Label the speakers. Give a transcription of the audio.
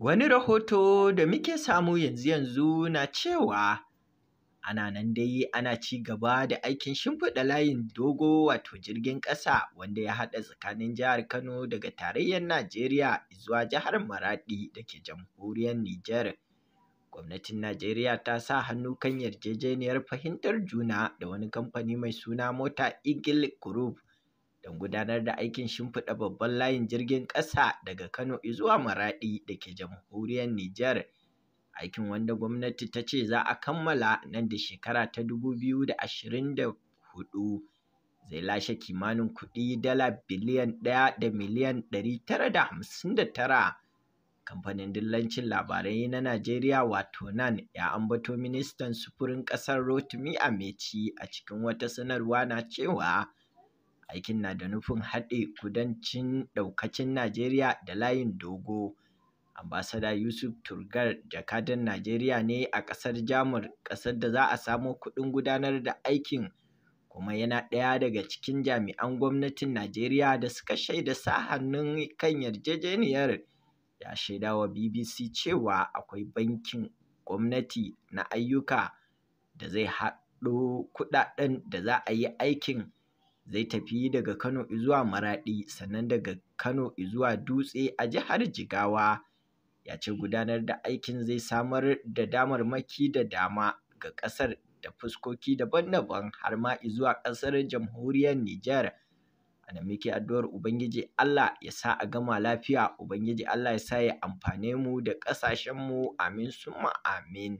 Speaker 1: Wani rahoto da muke samu yanzu-yanzu na cewa ana nan dai ana ci gaba da aikin shimfiɗa layin dogo wato jirgin ƙasa wanda ya haɗa tsakanin jihar Kano daga tarayyar Najeriya zuwa jihar Maraɗi da ke jamhuriyar Nijar. Gwamnatin Najeriya ta sa hannu kan yarjejeniyar fahimtar juna da wani kamfani mai suna Mota Eagle Group don gudanar da aikin shimfiɗa babban layin jirgin ƙasa daga Kano zuwa Maraɗi da ke jamhuriyar Nijar. Aikin wanda gwamnati ta ce za a kammala nan da shekara ta 2024 zai lashe kimanin kuɗi dala biliyan ɗaya da miliyan ɗari tara da hamsin da tara. Kamfanin dillancin labarai na Najeriya wato NAN ya ambato ministan sufurin ƙasar Rotimi Ameci a cikin wata sanarwa na cewa Aikin na da nufin haɗe kudancin ɗaukacin Najeriya da layin dogo. Ambasada Yusuf Turgar jakadan Najeriya ne a ƙasar Jamus, ƙasar da za a samo kuɗin gudanar da aikin kuma yana ɗaya daga cikin jami'an gwamnatin Najeriya da suka shaida sa hannun kan yarjejeniyar. Ya shaida wa BBC cewa akwai bankin gwamnati na ayyuka da zai haɗo kuɗaɗen da za a yi aikin. zai tafi daga Kano zuwa Maraɗi sannan daga Kano zuwa Dutse a jihar Jigawa. Ya ce gudanar da aikin zai samar da damarmaki da dama ga ƙasar da fuskoki daban-daban har ma zuwa ƙasar jamhuriyar Nijar. Ana muke addu'ar Ubangiji Allah ya sa a gama lafiya, Ubangiji Allah ya sa ya amfane mu da mu amin summa amin.